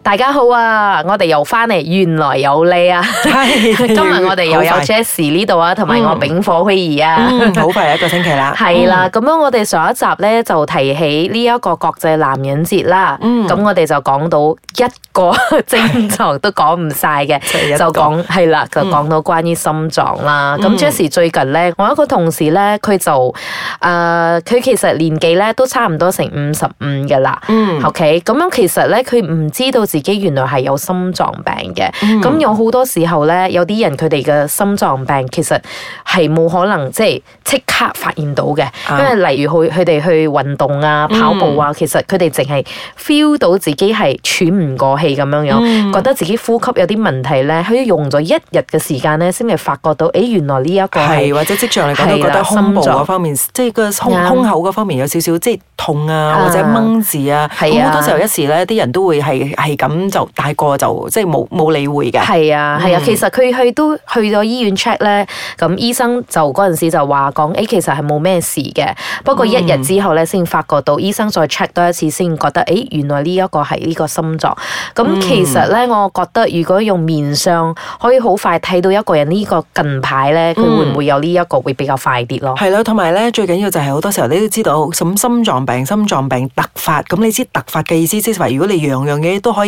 大家好啊！我哋又翻嚟，玄來有理啊！ 今日我哋又有 Jess 呢度啊，同埋我丙火虛兒啊，好快一個星期啦，係啦。咁、嗯、樣我哋上一集咧就提起呢一個國際男人節啦，咁、嗯、我哋就講到一個正常都講唔晒嘅，就講係啦，就講到關於心臟啦。咁、嗯、Jess 最近咧，我一個同事咧，佢就誒，佢、呃、其實年紀咧都差唔多成五十五噶啦，OK，咁樣其實咧，佢唔知道。自己原來係有心臟病嘅，咁、嗯、有好多時候咧，有啲人佢哋嘅心臟病其實係冇可能即係即刻發現到嘅、啊，因為例如佢佢哋去運動啊、跑步啊，嗯、其實佢哋淨係 feel 到自己係喘唔過氣咁樣樣、嗯，覺得自己呼吸有啲問題咧，佢用咗一日嘅時間咧先至發覺到，誒、哎、原來呢一個係或者即場嚟講都覺得心臟嗰方面，即係個胸口嗰方面有少少即係痛啊、啊或者掹字啊，好多時候一時咧啲人都會係係。咁就大個就即係冇冇理會嘅。係啊，係啊，其實佢去都去咗醫院 check 咧，咁醫生就嗰陣時就話講，誒、欸、其實係冇咩事嘅。不過一日之後咧，先發覺到、嗯、醫生再 check 多一次，先覺得誒、欸、原來呢一個係呢個心臟。咁、嗯嗯、其實咧，我覺得如果用面相可以好快睇到一個人呢個近排咧，佢會唔會有呢一個會比較快啲咯？係咯，同埋咧最緊要就係好多時候你都知道咁心臟病、心臟病突發，咁你知突發嘅意思，即係話如果你樣樣嘢都可以。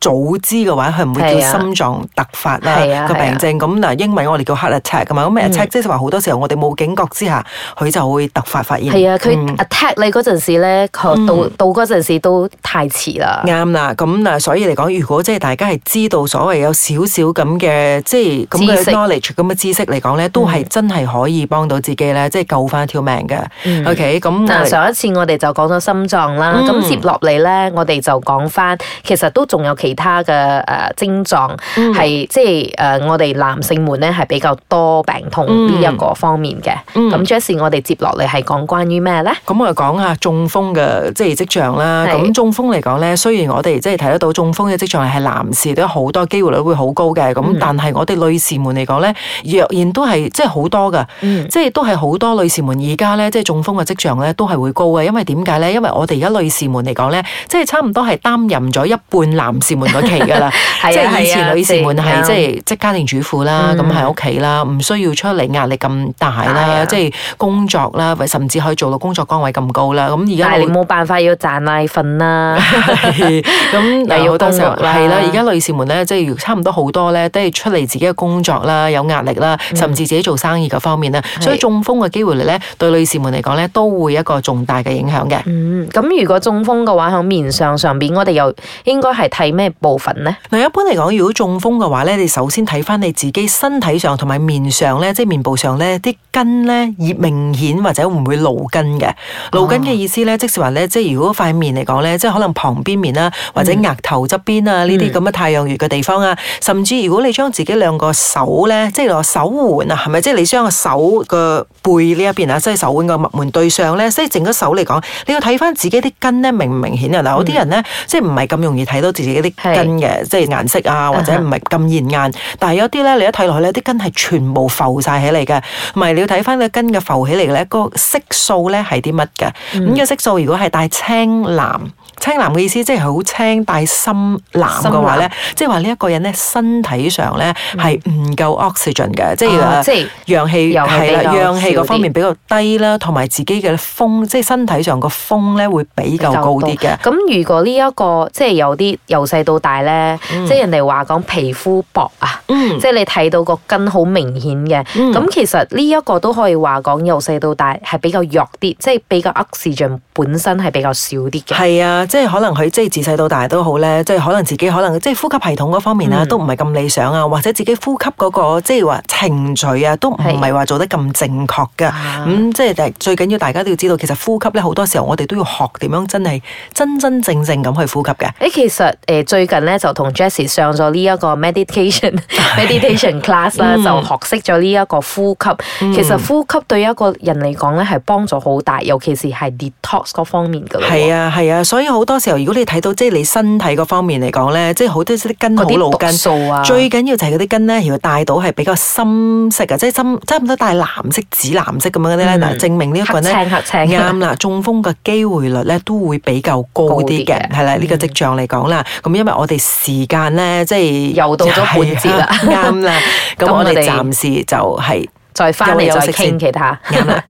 早知嘅話，佢唔會叫心臟突發啦個病症。咁嗱、啊啊啊，英文我哋叫 heart attack 咁啊。咁 attack 即係話好多時候我哋冇警覺之下，佢就會突發發現。係啊，佢 attack 你嗰陣時咧、嗯，到、嗯、到嗰陣時都太遲啦。啱啦，咁嗱，所以嚟講，如果即係大家係知道所謂有少少咁嘅即係咁嘅 knowledge 咁嘅知識嚟講咧，都係真係可以幫到自己咧、嗯，即係救翻條命嘅、嗯。O.K. 咁嗱，上一次我哋就講咗心臟啦，咁、嗯、接落嚟咧，我哋就講翻，其實都仲有其其他嘅誒症狀係即係誒，我哋男性們咧係比較多病痛呢、嗯、一個方面嘅。咁、嗯，即係我哋接落嚟係講關於咩咧？咁我哋講下中風嘅即係跡象啦。咁中風嚟講咧，雖然我哋即係睇得到中風嘅跡象係男士都好多機會率會好高嘅。咁、嗯、但係我哋女士們嚟講咧，若然都係即係好多噶，即、嗯、係、就是、都係好多女士們而家咧即係中風嘅跡象咧都係會高嘅。因為點解咧？因為我哋而家女士們嚟講咧，即、就、係、是、差唔多係擔任咗一半男士。門嗰期噶啦，即係以前女士們係即係即係家庭主婦啦，咁喺屋企啦，唔需要出嚟壓力咁大啦，即係工作啦，甚至可以做到工作崗位咁高啦。咁而家但係你冇辦法要賺奶粉啦，咁有好多時候係啦。而家女士們咧，即係差唔多好多咧，都係出嚟自己嘅工作啦，有壓力啦，甚至自己做生意嗰方面啊，所以中風嘅機會嚟咧，對女士們嚟講咧，都會一個重大嘅影響嘅。嗯，咁如果中風嘅話，喺面相上邊，我哋又應該係睇咩？部分呢，嗱一般嚟講，如果中風嘅話咧，你首先睇翻你自己身體上同埋面上咧，即係面部上咧啲筋咧，熱明顯或者會唔會露筋嘅？露筋嘅意思咧、oh.，即是話咧，即係如果塊面嚟講咧，即係可能旁邊面啦，或者額頭側邊啊呢啲咁嘅太陽穴嘅地方啊，甚至如果你將自己兩個手咧，即係個手腕啊，係咪？即係你將個手個背呢一邊啊，即係手腕個脈門對上咧，即係整咗手嚟講，你要睇翻自己啲筋咧明唔明顯啊？嗱，有啲人咧，即係唔係咁容易睇到自己啲。根嘅即係顏色啊，或者唔係咁顯眼，uh-huh. 但係有啲咧，你一睇落去咧，啲根係全部浮晒起嚟嘅， 你要睇返個根嘅浮起嚟嘅咧，個色素咧係啲乜嘅？咁個色素如果係帶青藍。青藍嘅意思即係好青，但係深藍嘅話咧，即係話呢一個人咧身體上咧係唔夠 oxygen 嘅、嗯，即係氧氣係啦，氧氣方面比較低啦，同埋自己嘅風，即係身體上個風咧會比較高啲嘅。咁如果呢、這、一個即係有啲由細到大咧、嗯，即係人哋話講皮膚薄啊、嗯，即係你睇到個筋好明顯嘅，咁、嗯、其實呢一個都可以話講由細到大係比較弱啲，即係比較 oxygen 本身係比較少啲嘅。係啊。即係可能佢即係自細到大都好咧，即係可能自己可能即係呼吸系統嗰方面啊、嗯，都唔係咁理想啊，或者自己呼吸嗰、嗰個即係話程序啊，都唔係話做得咁正確嘅。咁、嗯、即係最緊要大家都要知道，其實呼吸咧好多時候我哋都要學點樣真係真真正正咁去呼吸嘅。誒其實誒、呃、最近咧就同 Jessie 上咗呢一個 meditation、啊、 meditation class 啦、嗯，就學識咗呢一個呼吸、嗯。其實呼吸對一個人嚟講咧係幫助好大，尤其是係 detox 嗰方面嘅。係啊，係啊，所以我。好多時候，如果你睇到即係你身體個方面嚟講咧，即係好多啲筋，筋，好老筋，毒素啊。最緊要就係嗰啲筋咧，如果帶到係比較深色嘅，即係差唔多帶藍色、紫藍色咁樣嗰啲咧，嗱、嗯、證明呢一個咧，啱啦。中風嘅機會率咧都會比較高啲嘅，係啦。呢、這個迹象嚟講啦，咁、嗯、因為我哋時間咧，即係又到咗半節啦，啱 啦。咁我哋暫時就係、是、再翻嚟再傾其他。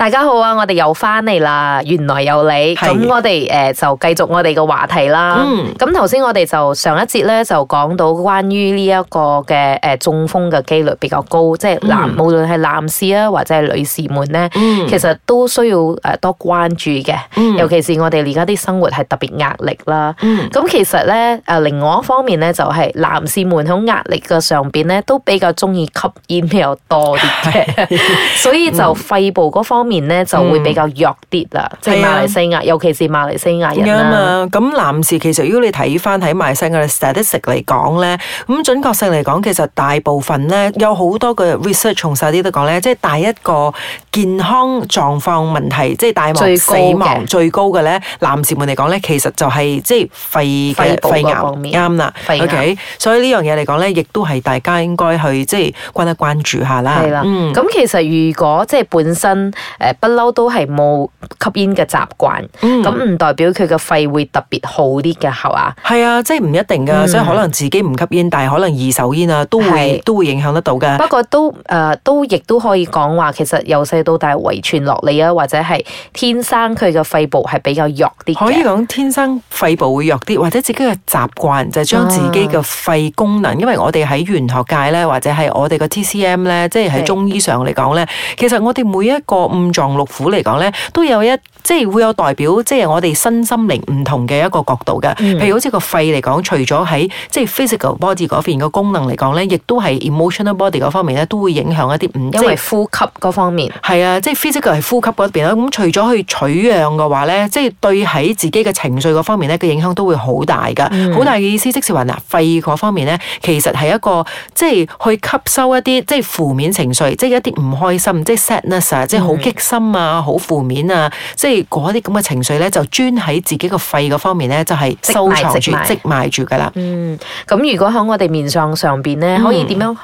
大家好啊！我哋又翻嚟啦，玄來有理。咁我哋誒、呃、就繼續我哋嘅話題啦。咁頭先我哋就上一節咧就講到關於呢一個嘅誒、呃、中風嘅幾率比較高，即係男、嗯、無論係男士啊或者係女士們咧、嗯，其實都需要誒、呃、多關注嘅、嗯。尤其是我哋而家啲生活係特別壓力啦。咁、嗯、其實咧誒、呃、另外一方面咧就係、是、男士們喺壓力嘅上邊咧都比較中意吸煙比較多啲嘅， 所以就肺部嗰方面、嗯。方面面咧就會比較弱啲啦，即係馬來西亞，尤其是馬來西亞人啊嘛。咁男士其實如果你睇翻喺馬來西亞嘅 statistic 嚟講咧，咁準確性嚟講，其實大部分咧有好多嘅 research 從細啲都講咧，即係第一個健康狀況問題，即係大亡死亡最高嘅咧，男士們嚟講咧，其實就係即係肺嘅肺癌啱啦。OK，所以呢樣嘢嚟講咧，亦都係大家應該去即係關一關注下啦。係啦，嗯，咁其實如果即係本身。誒不嬲都係冇吸煙嘅習慣，咁、嗯、唔代表佢嘅肺會特別好啲嘅係嘛？係啊，即係唔一定㗎、嗯，所以可能自己唔吸煙，但係可能二手煙啊都會都會影響得到㗎。不過都誒、呃、都亦都可以講話，其實由細到大遺傳落嚟啊，或者係天生佢嘅肺部係比較弱啲。可以講天生肺部會弱啲，或者自己嘅習慣就將、係、自己嘅肺功能，啊、因為我哋喺玄學界咧，或者係我哋嘅 TCM 咧，即係喺中醫上嚟講咧，其實我哋每一個臟六腑嚟講咧，都有一即係會有代表，即係我哋身心靈唔同嘅一個角度嘅、嗯。譬如好似個肺嚟講，除咗喺即係 physical body 嗰邊個功能嚟講咧，亦都係 emotional body 嗰方面咧，都會影響一啲唔因為呼吸嗰方面。係啊，即係 physical 係呼吸嗰邊啦。咁除咗去取樣嘅話咧，即係對喺自己嘅情緒嗰方面咧嘅影響都會好大噶，好、嗯、大嘅意思。即是話嗱，肺嗰方面咧，其實係一個即係去吸收一啲即係負面情緒，即係一啲唔開心，即係 sadness 啊、嗯，即係好激。激心啊，好負面啊，即係嗰啲咁嘅情緒咧，就專喺自己個肺嗰方面咧，就係、是、收藏住積埋住噶啦。嗯，咁如果喺我哋面上上面咧，可以點樣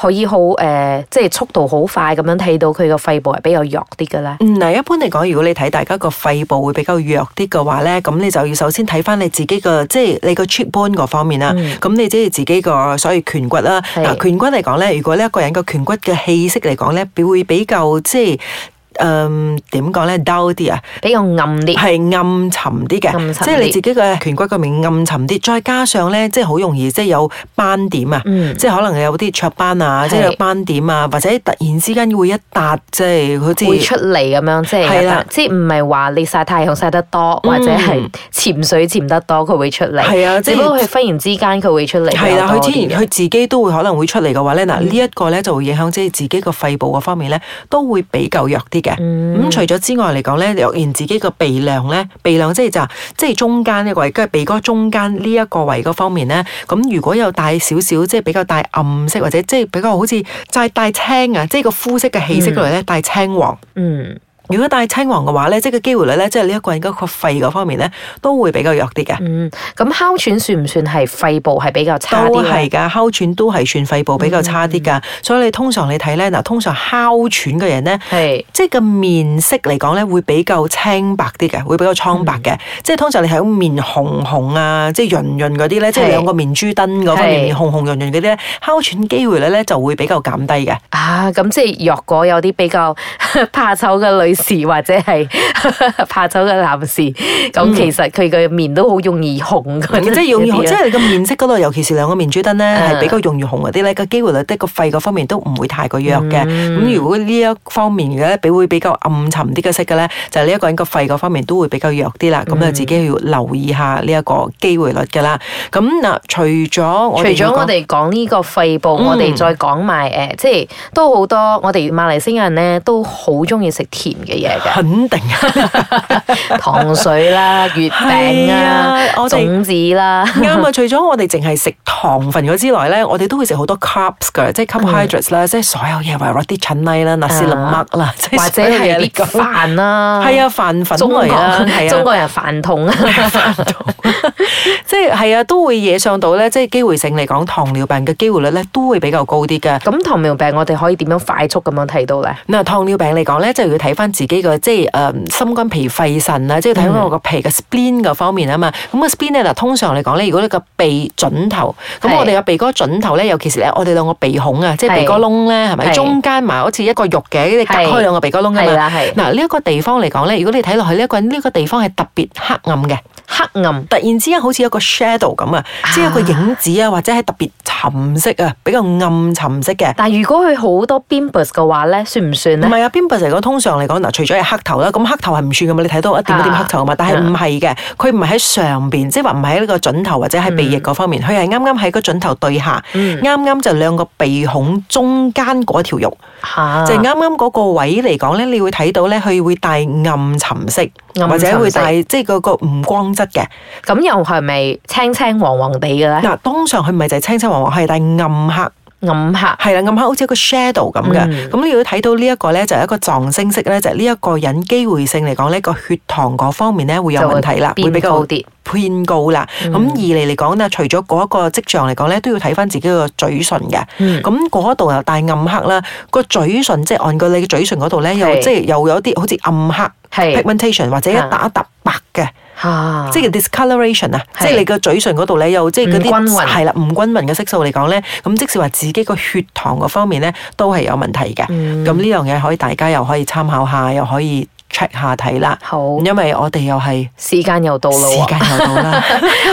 可以好誒、呃，即係速度好快咁樣睇到佢個肺部係比較弱啲嘅咧？嗯，嗱，一般嚟講，如果你睇大家個肺部會比較弱啲嘅話咧，咁你就要首先睇翻你自己個，即、就、係、是、你個 cheekbone 嗰方面啦。咁、嗯、你即係自己個所謂顴骨啦，嗱顴骨嚟講咧，如果一個人個顴骨嘅氣息嚟講咧，會比較即係。嗯，點講咧？兜啲啊，比較暗啲，係暗，暗沉啲嘅，即係你自己嘅顴骨嗰面暗沉啲，再加上咧，即係好容易，即係有斑點啊、嗯，即係可能有啲雀斑啊，即係斑點啊，或者突然之間會一笪，即、就、係、是、好似出嚟咁樣，即係係啦，即係唔係話你晒太陽晒得多，嗯、或者係潛水潛得多，佢會出嚟，係啊，只不過佢忽然之間佢會出嚟，係啦，佢自然佢自己都會可能會出嚟嘅話咧，嗱呢一個咧就會影響即係自己個肺部嗰方面咧，都會比較弱啲。嘅、嗯、咁除咗之外嚟講咧，若然自己個鼻梁咧，鼻梁即係就即係中間呢個位，跟住鼻哥中間呢一個位個方面咧，咁如果有帶少少即係比較帶暗色，或者即係比較好似就係帶青啊，即係個膚色嘅氣色落嚟咧，帶青黃嗯。嗯如果帶青黃嘅話咧，即係個機會率咧，即係呢一個人嗰個肺嗰方面咧，都會比較弱啲嘅。嗯，咁哮喘算唔算係肺部係比較差啲？都係㗎，哮喘都係算肺部比較差啲㗎、嗯。所以你通常你睇咧，嗱，通常哮喘嘅人咧，係即係個面色嚟講咧，會比較清白啲嘅，會比較蒼白嘅、嗯。即係通常你睇佢面紅紅啊，即係潤潤嗰啲咧，即係兩個珠燈面珠墩嗰方面紅紅潤潤嗰啲咧，哮喘機會率咧就會比較減低嘅。啊，咁即係若果有啲比較怕醜嘅女。或者係怕醜嘅男士，咁、嗯、其實佢個面都好容易紅嘅。即、嗯、係、就是、用即係個面色嗰度，尤其是兩個面珠燈咧，係、嗯、比較容易紅嗰啲咧，個機會率得個肺嗰方面都唔會太過弱嘅。咁、嗯、如果呢一方面嘅咧，比會比較暗沉啲嘅色嘅咧，就係呢一個人個肺嗰方面都會比較弱啲啦。咁、嗯、就自己要留意一下呢一個機會率㗎啦。咁嗱，除咗除咗我哋講呢個肺部，嗯、我哋再講埋誒，即、就、係、是、都好多我哋馬來西亞人咧，都好中意食甜嘅嘢嘅，肯定啊，糖水啦、月餅啊、我哋種子啦，啱啊！除咗我哋淨係食糖分嗰之外咧，我哋都會食好多 carbs 嘅，即係 carbohydrates 啦，即係所有嘢，或者啲陳米啦、納斯林麥啦，或者係啲個飯啦，係啊，飯粉，中國人飯桶啊，中國人飯桶啊，即係係啊，都會惹上到咧，即係機會性嚟講，糖尿病嘅機會率咧都會比較高啲嘅。咁糖尿病我哋可以點樣快速咁樣睇到咧？嗱，糖尿病嚟講咧，即係要睇返。自己個即係誒、嗯、心肝脾肺腎啦，即係睇翻我個脾嘅 spin 嘅方面啊嘛。咁個 spin 咧嗱，通常嚟講咧，如果你個鼻準頭，咁我哋個鼻哥準頭咧，尤其是咧，我哋兩個鼻孔啊，即係鼻哥窿咧，係咪中間埋好似一個肉嘅，你隔開兩個鼻哥窿噶嘛。嗱呢一個地方嚟講咧，如果你睇落去呢一個呢個地方係特別黑暗嘅。黑暗突然之間好似有個 shadow 咁啊，即係有個影子啊，或者係特別沉色啊，比較暗沉色嘅。但係如果佢好多邊部嘅話咧，算唔算唔係啊，邊部嚟講，通常嚟講嗱，除咗係黑頭啦，咁黑頭係唔算㗎嘛。你睇到一點一點黑頭嘅嘛、啊，但係唔係嘅，佢唔係喺上邊，即係話唔係喺個準頭或者喺鼻翼嗰方面，佢係啱啱喺個準頭對下，啱、嗯、啱就兩個鼻孔中間嗰條肉，啊、就係啱啱嗰個位嚟講咧，你會睇到咧，佢會帶暗沉，暗沉色，或者會帶即係個個唔光得嘅，咁又係咪青青黃黃地嘅咧？嗱，通常佢唔係就係青青黃黃，係帶暗黑，暗黑係啦，暗黑好似一個 shadow 咁嘅。咁如果睇到呢一個咧，就係一個藏星色，咧，就係呢一個人機會性嚟講咧，個血糖嗰方面咧會有問題啦，會比較偏高啲，偏高啦。咁二嚟嚟講咧，除咗嗰一個跡象嚟講咧，都要睇翻自己個嘴脣嘅。咁嗰度又帶暗黑啦，個嘴脣即係按個你嘅嘴脣嗰度咧，又即係又有啲好似暗黑 pigmentation，或者一笪一笪白嘅。即係 discoloration 啊，即係你個嘴唇嗰度咧，又即係嗰啲係啦，唔均勻嘅色素嚟講咧，咁即使話自己個血糖方面咧，都係有問題嘅。咁呢樣嘢可以大家又可以參考下，又可以。check 下睇啦，好，因為我哋又係時間又到啦，啊，時間又到啦，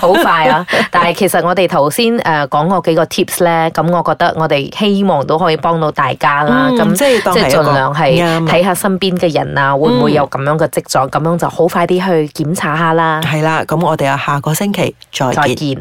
好 快啊！ 但係其實我哋頭先誒講過幾個 tips 咧，咁我覺得我哋希望都可以幫到大家啦，咁、嗯、即係當係盡量係睇下身邊嘅人啊，嗯、會唔會有咁樣嘅症狀，咁、嗯、樣就好快啲去檢查一下啦。係啦，咁我哋啊下個星期再見。再見。